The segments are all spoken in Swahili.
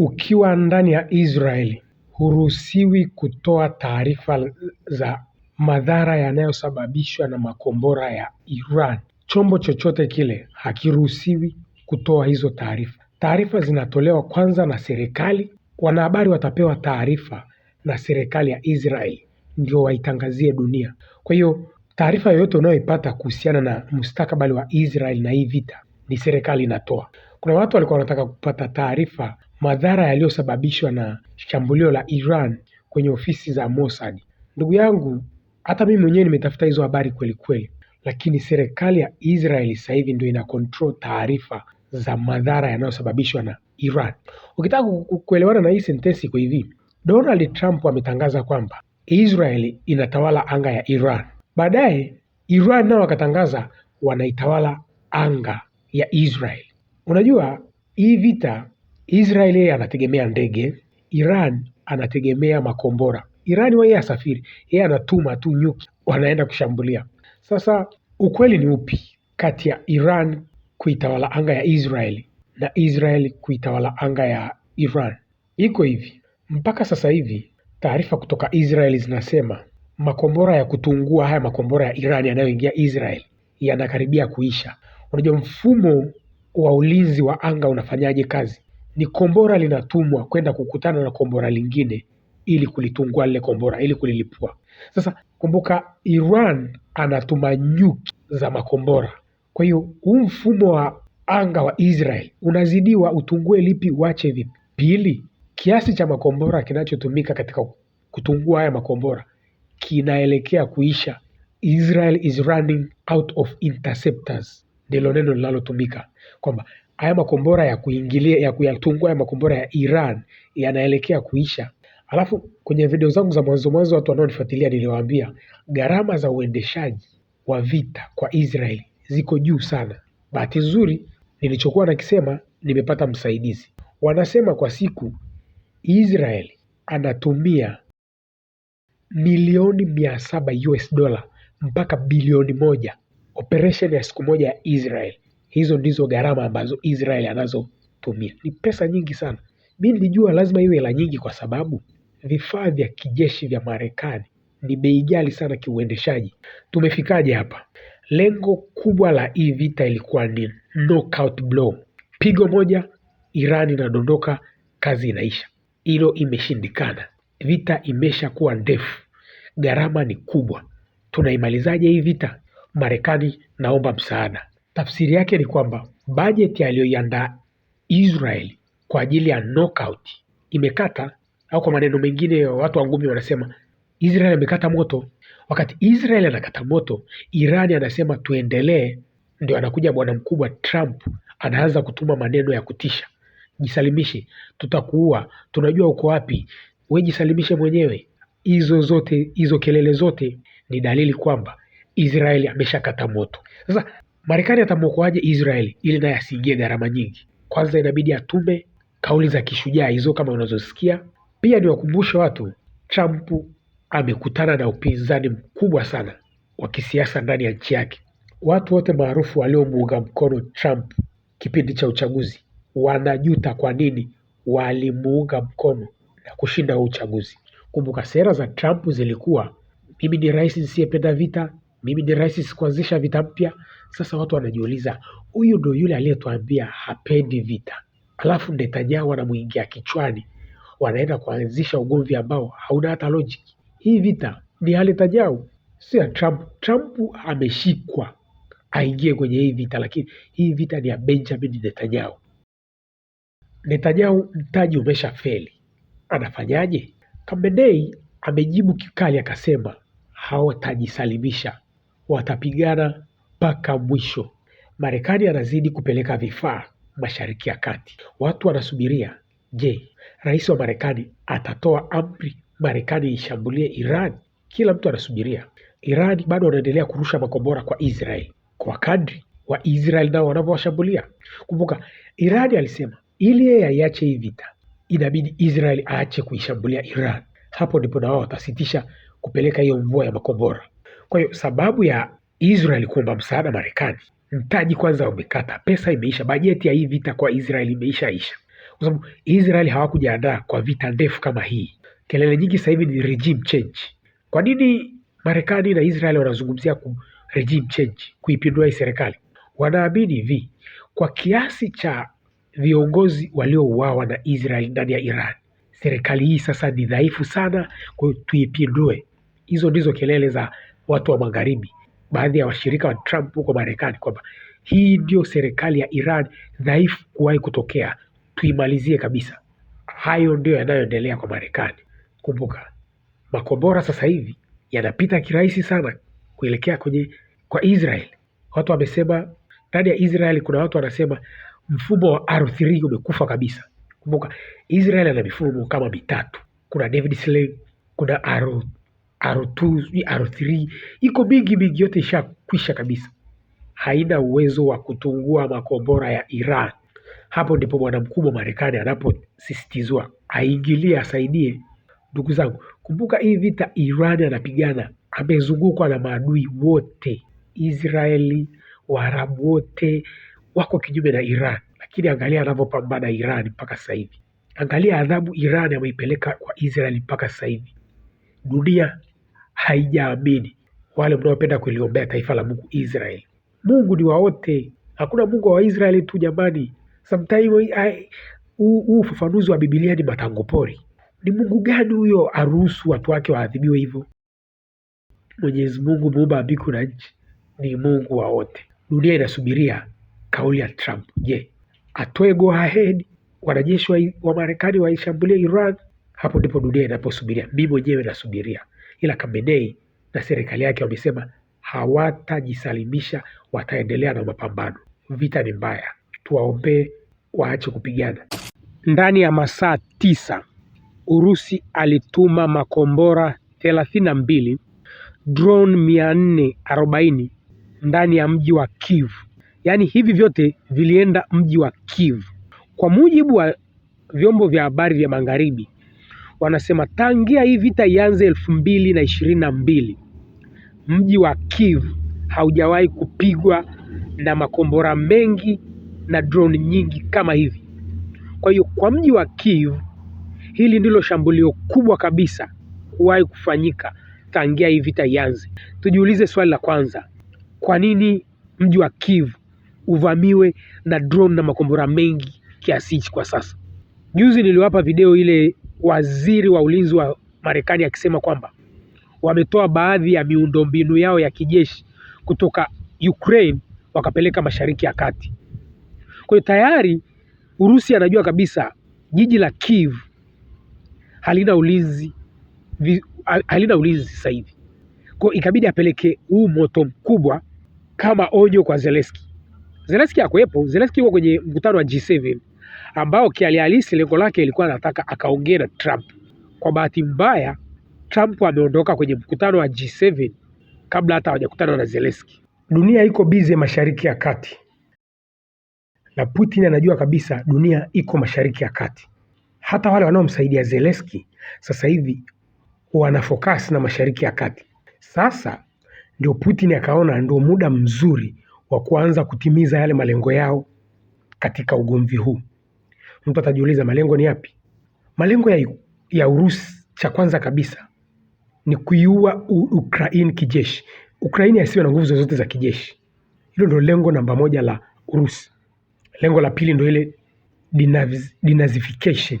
Ukiwa ndani ya Israel huruhusiwi kutoa taarifa za madhara yanayosababishwa na makombora ya Iran. Chombo chochote kile hakiruhusiwi kutoa hizo taarifa. Taarifa zinatolewa kwanza na serikali, wanahabari watapewa taarifa na serikali ya Israel ndio waitangazie dunia. Kwa hiyo taarifa yoyote unayoipata kuhusiana na mustakabali wa Israel na hii vita ni serikali inatoa. Kuna watu walikuwa wanataka kupata taarifa madhara yaliyosababishwa na shambulio la Iran kwenye ofisi za Mossad. Ndugu yangu, hata mimi mwenyewe nimetafuta hizo habari kweli kweli, lakini serikali ya Israeli sasa hivi ndio ina control taarifa za madhara yanayosababishwa na Iran. Ukitaka kuelewana na hii sentensi kwa hivi: Donald Trump ametangaza kwamba Israeli inatawala anga ya Iran, baadaye Iran nao wakatangaza wanaitawala anga ya Israeli. Unajua hii vita yeye anategemea ndege, Iran anategemea makombora. Iran yeye asafiri yeye anatuma tu nyuki, wanaenda kushambulia. Sasa ukweli ni upi kati ya Iran kuitawala anga ya israel na israel kuitawala anga ya Iran? Iko hivi, mpaka sasa hivi taarifa kutoka israel zinasema makombora ya kutungua haya makombora ya Iran yanayoingia Israel yanakaribia kuisha. Unajua mfumo wa ulinzi wa anga unafanyaje kazi? ni kombora linatumwa kwenda kukutana na kombora lingine ili kulitungua lile kombora ili kulilipua. Sasa kumbuka, Iran anatuma nyuki za makombora. Kwa hiyo huu mfumo wa anga wa Israel unazidiwa, utungue lipi uache vipi? Pili, kiasi cha makombora kinachotumika katika kutungua haya makombora kinaelekea kuisha. Israel is running out of interceptors ndilo neno linalotumika kwamba haya makombora ya kuingilia ya kuyatungua haya makombora ya Iran yanaelekea kuisha. Alafu kwenye video zangu za mwanzo mwanzo, watu wanaonifuatilia niliwaambia gharama za uendeshaji wa vita kwa Israel ziko juu sana. Bahati nzuri nilichokuwa nakisema nimepata msaidizi. Wanasema kwa siku Israel anatumia milioni mia saba US dola mpaka bilioni moja operation ya siku moja ya Israel Hizo ndizo gharama ambazo Israel anazotumia ni pesa nyingi sana. Mi nilijua lazima iwe hela nyingi kwa sababu vifaa vya kijeshi vya Marekani ni bei ghali sana kiuendeshaji. Tumefikaje hapa? Lengo kubwa la hii vita ilikuwa ni knockout blow. Pigo moja Iran inadondoka, kazi inaisha. Hilo imeshindikana, vita imeshakuwa ndefu, gharama ni kubwa. Tunaimalizaje hii vita? Marekani, naomba msaada. Tafsiri yake ni kwamba bajeti aliyoiandaa Israel kwa ajili ya knockout imekata au kwa maneno mengine watu wangumi wanasema Israel amekata moto. Wakati Israel anakata moto, Iran anasema tuendelee. Ndio anakuja bwana mkubwa Trump anaanza kutuma maneno ya kutisha, jisalimishe, tutakuua, tunajua uko wapi, we jisalimishe mwenyewe. Hizo zote hizo kelele zote ni dalili kwamba Israeli ameshakata moto sasa Marekani atamwokoaje Israeli ili naye asiingie gharama nyingi? Kwanza inabidi atume kauli za kishujaa hizo kama unazosikia. Pia niwakumbushe watu, Trump amekutana na upinzani mkubwa sana wa kisiasa ndani ya nchi yake. Watu wote maarufu waliomuunga mkono Trump kipindi cha uchaguzi wanajuta kwa nini walimuunga mkono na kushinda huu uchaguzi. Kumbuka sera za Trump zilikuwa mimi ni rais nisiyependa vita, mimi ni rais sikuanzisha vita mpya, sasa watu wanajiuliza, huyu ndo yule aliyetuambia hapendi vita, alafu Netanyahu anamwingia kichwani, wanaenda kuanzisha ugomvi ambao hauna hata logic. Hii vita ni ya Netanyahu, si ya Trump. Trump ameshikwa aingie kwenye hii vita, lakini hii vita ni ya Benjamin Netanyahu. Netanyahu mtaji umesha feli, anafanyaje? Kamenei amejibu kikali akasema hawatajisalimisha, watapigana mpaka mwisho. Marekani anazidi kupeleka vifaa mashariki ya kati. Watu wanasubiria, je, rais wa Marekani atatoa amri Marekani ishambulie Iran? Kila mtu anasubiria. Iran bado wanaendelea kurusha makombora kwa Israel kwa kadri wa Israel nao wanavyowashambulia. Kumbuka Iran alisema ili yeye aiache hii vita inabidi Israel aache kuishambulia Iran. Hapo ndipo na wao watasitisha kupeleka hiyo mvua ya makombora. Kwa hiyo sababu ya Israel kuomba msaada Marekani. Mtaji kwanza umekata, pesa imeisha, bajeti ya hii vita kwa Israel imeishaisha, kwa sababu Israel hawakujiandaa kwa vita ndefu kama hii. Kelele nyingi sasa hivi ni regime change. Kwa nini Marekani na Israel wanazungumzia ku regime change, kuipindua hii serikali? Wanaamini hivi, kwa kiasi cha viongozi waliouawa na Israel ndani ya Iran, serikali hii sasa ni dhaifu sana, kwa hiyo tuipindue. Hizo ndizo kelele za watu wa Magharibi baadhi ya washirika wa Trump huko Marekani kwamba hii ndio serikali ya Iran dhaifu kuwahi kutokea, tuimalizie kabisa. Hayo ndio yanayoendelea kwa Marekani. Kumbuka makombora sasa hivi yanapita kirahisi sana kuelekea kwenye kwa Israel. Watu wamesema ndani ya Israel kuna watu wanasema mfumo wa R3 umekufa kabisa. Kumbuka Israel ana mifumo kama mitatu, kuna David Sling, kuna R R2, R3 iko mingi mingi, yote ishakwisha kabisa, haina uwezo wa kutungua makombora ya Iran. Hapo ndipo bwana mkubwa Marekani anaposisitizwa aingilie, asaidie. Ndugu zangu, kumbuka hii vita Iran anapigana, amezungukwa na maadui wote, Israeli, Waarabu wote wako kinyume na Iran, lakini angalia anavyopambana Iran mpaka sasa hivi, angalia adhabu Iran ameipeleka kwa Israeli mpaka sasa hivi. Dunia haijaamini wale mnaopenda kuliombea taifa la Mungu Israeli. Mungu ni wa wote, hakuna Mungu wa Israeli tu jamani. Sometimes huu ufafanuzi wa Biblia ni matango pori. Ni Mungu gani huyo aruhusu watu wake waadhibiwe hivyo? Mwenyezi Mungu muumba mbingu na nchi ni Mungu wa wote. Dunia inasubiria kauli ya Trump. Je, atoe go ahead wanajeshi wa Marekani waishambulie Iran? Hapo ndipo dunia inaposubiria. Mimi mwenyewe nasubiria ila Kabedei na serikali yake wamesema hawatajisalimisha, wataendelea na mapambano. Vita ni mbaya, tuwaombee waache kupigana. Ndani ya masaa tisa Urusi alituma makombora thelathini na mbili drone mia nne arobaini ndani ya mji wa Kiev. Yaani hivi vyote vilienda mji wa Kiev. Kwa mujibu wa vyombo vya habari vya magharibi, wanasema tangia hii vita ianze elfu mbili na ishirini na mbili mji wa Kiev haujawahi kupigwa na makombora mengi na drone nyingi kama hivi. Kwa hiyo kwa mji wa Kiev hili ndilo shambulio kubwa kabisa kuwahi kufanyika tangia hii vita ianze. Tujiulize swali la kwanza, kwa nini mji wa Kiev uvamiwe na drone na makombora mengi kiasi hichi kwa sasa? Juzi niliwapa video ile waziri wa ulinzi wa Marekani akisema kwamba wametoa baadhi ya miundombinu yao ya kijeshi kutoka Ukraine wakapeleka Mashariki ya Kati. Kwa hiyo tayari Urusi anajua kabisa jiji la Kiev halina ulinzi halina ulinzi sasa hivi, kwa ikabidi apeleke huu moto mkubwa kama onyo kwa Zelensky. Zelensky hakuwepo, Zelensky yuko kwenye mkutano wa G7 ambao kialihalisi lengo lake ilikuwa anataka akaongee na Trump. Kwa bahati mbaya, Trump ameondoka kwenye mkutano wa G7 kabla hata hawajakutana na Zelensky. Dunia iko bize mashariki ya kati, na Putin anajua kabisa dunia iko mashariki ya kati. Hata wale wanaomsaidia Zelensky sasa hivi wana focus na mashariki ya kati. Sasa ndio Putin akaona ndio muda mzuri wa kuanza kutimiza yale malengo yao katika ugomvi huu mtu atajiuliza malengo ni yapi? Malengo ya, ya Urusi cha kwanza kabisa ni kuiua Ukraine kijeshi. Ukraine asiwe na nguvu zozote za kijeshi. Hilo ndio lengo namba moja la Urusi. Lengo la pili ndio ile denazification.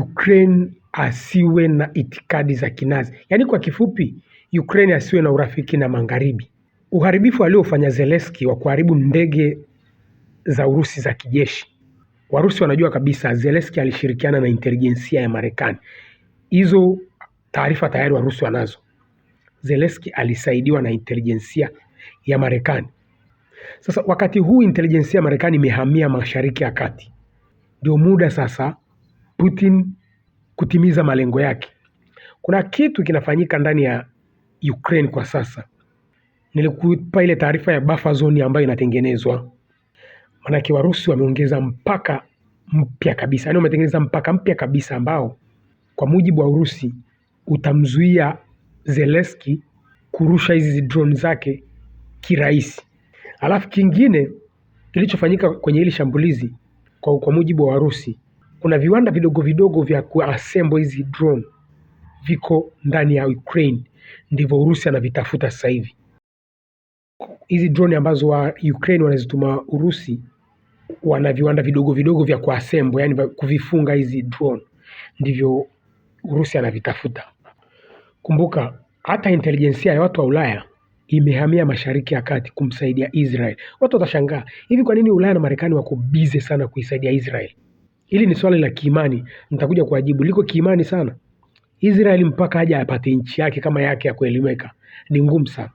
Ukraine asiwe na itikadi za kinazi, yaani kwa kifupi, Ukraine asiwe na urafiki na magharibi. Uharibifu aliofanya Zelensky wa kuharibu ndege za Urusi za kijeshi Warusi wanajua kabisa Zelensky alishirikiana na intelijensia ya Marekani. Hizo taarifa tayari Warusi wanazo. Zelensky alisaidiwa na intelijensia ya Marekani. Sasa wakati huu intelijensia ya Marekani imehamia Mashariki ya Kati, ndio muda sasa Putin kutimiza malengo yake. Kuna kitu kinafanyika ndani ya Ukraine kwa sasa. Nilikupa ile taarifa ya buffer zone ambayo inatengenezwa Maanake Warusi wameongeza mpaka mpya kabisa, yaani wametengeneza mpaka mpya kabisa ambao kwa mujibu wa Urusi utamzuia Zelensky kurusha hizi drone zake kirahisi. Alafu kingine kilichofanyika kwenye hili shambulizi kwa, kwa mujibu wa Warusi, kuna viwanda vidogo vidogo vya kuassemble hizi drone viko ndani ya Ukraine, ndivyo Urusi anavitafuta sasa hivi hizi drone ambazo wa Ukraine wanazituma Urusi wana viwanda vidogo vidogo vya kuasembo, yani kuvifunga hizi drone. Ndivyo Urusi anavitafuta. Kumbuka hata intelijensia ya watu wa Ulaya imehamia Mashariki ya Kati kumsaidia Israel. Watu watashangaa hivi, kwa nini Ulaya na Marekani wako bize sana kuisaidia Israel? Hili ni swali la kiimani, nitakuja kuwajibu. Liko kiimani sana. Israel mpaka aje apate nchi yake kama yake ya kuelimeka ni ngumu sana.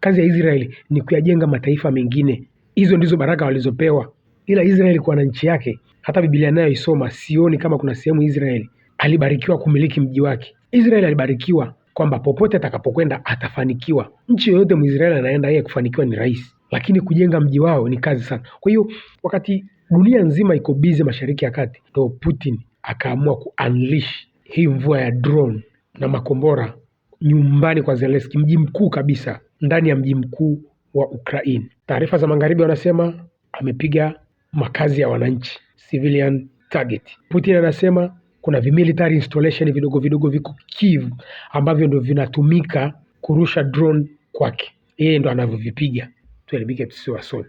Kazi ya Israel ni kuyajenga mataifa mengine. Hizo ndizo baraka walizopewa ila Israeli kwa na nchi yake, hata Biblia nayo isoma, sioni kama kuna sehemu Israeli alibarikiwa kumiliki mji wake. Israeli alibarikiwa kwamba popote atakapokwenda atafanikiwa. Nchi yoyote Mwisraeli anaenda yeye kufanikiwa ni rahisi, lakini kujenga mji wao ni kazi sana. Kwa hiyo wakati dunia nzima iko busy mashariki ya kati, ndo Putin akaamua kuunleash hii mvua ya drone na makombora nyumbani kwa Zelensky, mji mkuu kabisa, ndani ya mji mkuu wa Ukraine. Taarifa za magharibi wanasema amepiga makazi ya wananchi civilian target. Putin anasema kuna vimilitary installation vidogo vidogo viko Kiev ambavyo ndio vinatumika kurusha drone kwake, yeye ndo anavyovipiga. Tuelimike tusiwe